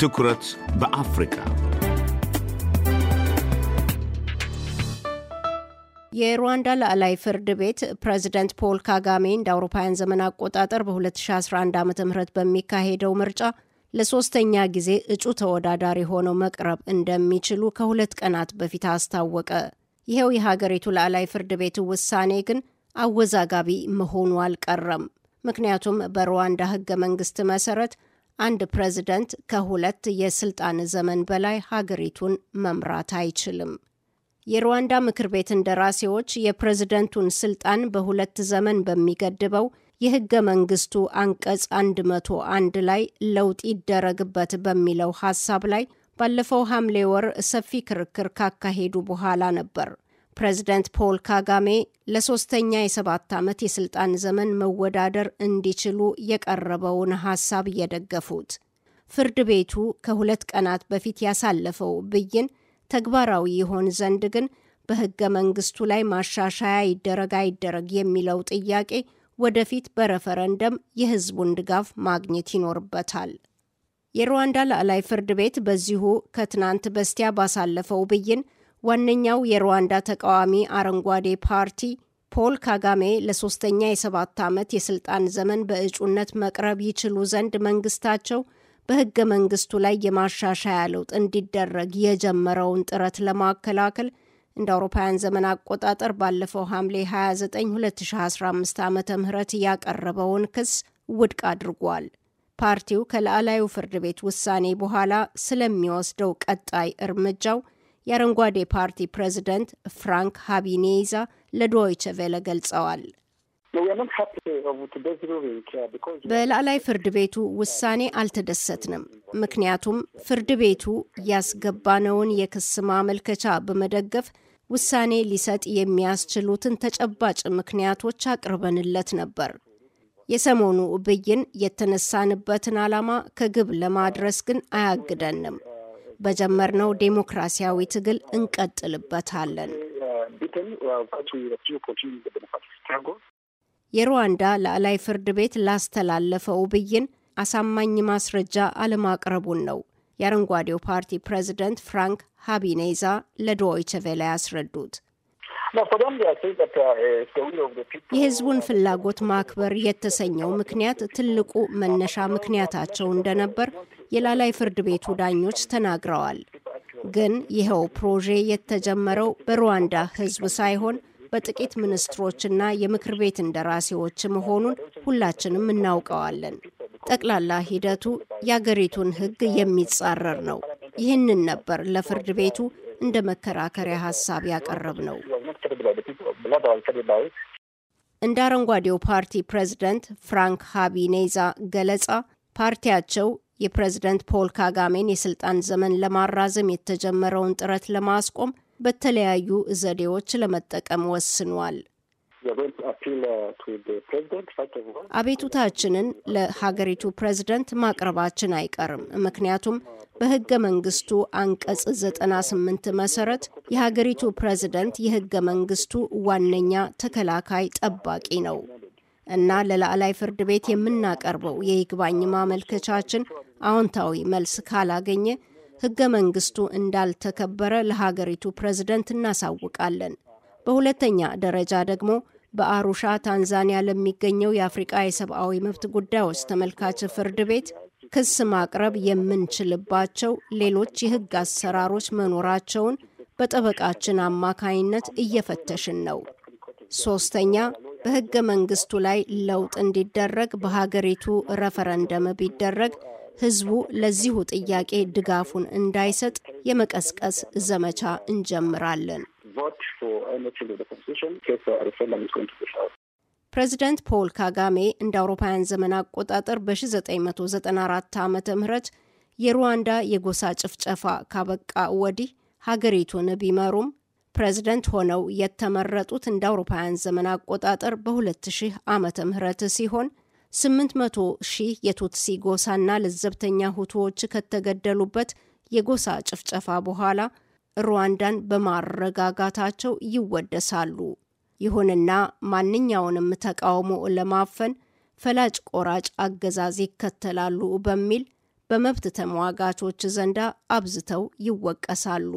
ትኩረት በአፍሪካ የሩዋንዳ ላዕላይ ፍርድ ቤት ፕሬዚደንት ፖል ካጋሜ እንደ አውሮፓውያን ዘመን አቆጣጠር በ2011 ዓ ም በሚካሄደው ምርጫ ለሶስተኛ ጊዜ እጩ ተወዳዳሪ ሆነው መቅረብ እንደሚችሉ ከሁለት ቀናት በፊት አስታወቀ። ይኸው የሀገሪቱ ላዕላይ ፍርድ ቤት ውሳኔ ግን አወዛጋቢ መሆኑ አልቀረም። ምክንያቱም በሩዋንዳ ህገ መንግስት መሰረት አንድ ፕሬዝደንት ከሁለት የስልጣን ዘመን በላይ ሀገሪቱን መምራት አይችልም። የሩዋንዳ ምክር ቤት እንደራሴዎች የፕሬዝደንቱን ስልጣን በሁለት ዘመን በሚገድበው የህገ መንግስቱ አንቀጽ 101 ላይ ለውጥ ይደረግበት በሚለው ሀሳብ ላይ ባለፈው ሐምሌ ወር ሰፊ ክርክር ካካሄዱ በኋላ ነበር ፕሬዚደንት ፖል ካጋሜ ለሶስተኛ የሰባት ዓመት የስልጣን ዘመን መወዳደር እንዲችሉ የቀረበውን ሀሳብ የደገፉት ፍርድ ቤቱ ከሁለት ቀናት በፊት ያሳለፈው ብይን ተግባራዊ ይሆን ዘንድ ግን በሕገ መንግስቱ ላይ ማሻሻያ ይደረግ አይደረግ የሚለው ጥያቄ ወደፊት በረፈረንደም የሕዝቡን ድጋፍ ማግኘት ይኖርበታል። የሩዋንዳ ላዕላይ ፍርድ ቤት በዚሁ ከትናንት በስቲያ ባሳለፈው ብይን ዋነኛው የሩዋንዳ ተቃዋሚ አረንጓዴ ፓርቲ ፖል ካጋሜ ለሶስተኛ የሰባት ዓመት የስልጣን ዘመን በእጩነት መቅረብ ይችሉ ዘንድ መንግስታቸው በህገ መንግስቱ ላይ የማሻሻያ ለውጥ እንዲደረግ የጀመረውን ጥረት ለማከላከል እንደ አውሮፓውያን ዘመን አቆጣጠር ባለፈው ሐምሌ 29 2015 ዓ ም ያቀረበውን ክስ ውድቅ አድርጓል። ፓርቲው ከላዕላዩ ፍርድ ቤት ውሳኔ በኋላ ስለሚወስደው ቀጣይ እርምጃው የአረንጓዴ ፓርቲ ፕሬዝደንት ፍራንክ ሀቢኔዛ ለዶይቸ ቬለ ገልጸዋል። በላዕላይ ፍርድ ቤቱ ውሳኔ አልተደሰትንም። ምክንያቱም ፍርድ ቤቱ ያስገባነውን የክስ ማመልከቻ በመደገፍ ውሳኔ ሊሰጥ የሚያስችሉትን ተጨባጭ ምክንያቶች አቅርበንለት ነበር። የሰሞኑ ብይን የተነሳንበትን ዓላማ ከግብ ለማድረስ ግን አያግደንም። በጀመርነው ዴሞክራሲያዊ ትግል እንቀጥልበታለን። የሩዋንዳ ላዕላይ ፍርድ ቤት ላስተላለፈው ብይን አሳማኝ ማስረጃ አለማቅረቡን ነው የአረንጓዴው ፓርቲ ፕሬዚደንት ፍራንክ ሀቢኔዛ ለዶይቸ ቬለ ያስረዱት። የሕዝቡን ፍላጎት ማክበር የተሰኘው ምክንያት ትልቁ መነሻ ምክንያታቸው እንደነበር የላላይ ፍርድ ቤቱ ዳኞች ተናግረዋል። ግን ይኸው ፕሮጄ የተጀመረው በሩዋንዳ ሕዝብ ሳይሆን በጥቂት ሚኒስትሮችና የምክር ቤት እንደራሴዎች መሆኑን ሁላችንም እናውቀዋለን። ጠቅላላ ሂደቱ የአገሪቱን ሕግ የሚጻረር ነው። ይህንን ነበር ለፍርድ ቤቱ እንደ መከራከሪያ ሀሳብ ያቀረብ ነው። እንደ አረንጓዴው ፓርቲ ፕሬዝደንት ፍራንክ ሀቢኔዛ ገለጻ ፓርቲያቸው የፕሬዝደንት ፖል ካጋሜን የስልጣን ዘመን ለማራዘም የተጀመረውን ጥረት ለማስቆም በተለያዩ ዘዴዎች ለመጠቀም ወስኗል። አቤቱታችንን ለሀገሪቱ ፕሬዝደንት ማቅረባችን አይቀርም። ምክንያቱም በህገ መንግስቱ አንቀጽ 98 መሰረት የሀገሪቱ ፕሬዝደንት የህገ መንግስቱ ዋነኛ ተከላካይ ጠባቂ ነው እና ለላዕላይ ፍርድ ቤት የምናቀርበው የይግባኝ ማመልከቻችን አዎንታዊ መልስ ካላገኘ ህገ መንግስቱ እንዳልተከበረ ለሀገሪቱ ፕሬዝደንት እናሳውቃለን። በሁለተኛ ደረጃ ደግሞ በአሩሻ ታንዛኒያ ለሚገኘው የአፍሪቃ የሰብአዊ መብት ጉዳዮች ተመልካች ፍርድ ቤት ክስ ማቅረብ የምንችልባቸው ሌሎች የህግ አሰራሮች መኖራቸውን በጠበቃችን አማካይነት እየፈተሽን ነው። ሶስተኛ በህገ መንግስቱ ላይ ለውጥ እንዲደረግ በሀገሪቱ ረፈረንደም ቢደረግ ህዝቡ ለዚሁ ጥያቄ ድጋፉን እንዳይሰጥ የመቀስቀስ ዘመቻ እንጀምራለን። ፕሬዚደንት ፖል ካጋሜ እንደ አውሮፓውያን ዘመን አቆጣጠር በ1994 ዓ ም የሩዋንዳ የጎሳ ጭፍጨፋ ካበቃ ወዲህ ሀገሪቱን ቢመሩም ፕሬዚደንት ሆነው የተመረጡት እንደ አውሮፓውያን ዘመን አቆጣጠር በ2000 ዓ ም ሲሆን 800 ሺህ የቱትሲ ጎሳና ለዘብተኛ ሁቶዎች ከተገደሉበት የጎሳ ጭፍጨፋ በኋላ ሩዋንዳን በማረጋጋታቸው ይወደሳሉ። ይሁንና ማንኛውንም ተቃውሞ ለማፈን ፈላጭ ቆራጭ አገዛዝ ይከተላሉ በሚል በመብት ተሟጋቾች ዘንዳ አብዝተው ይወቀሳሉ።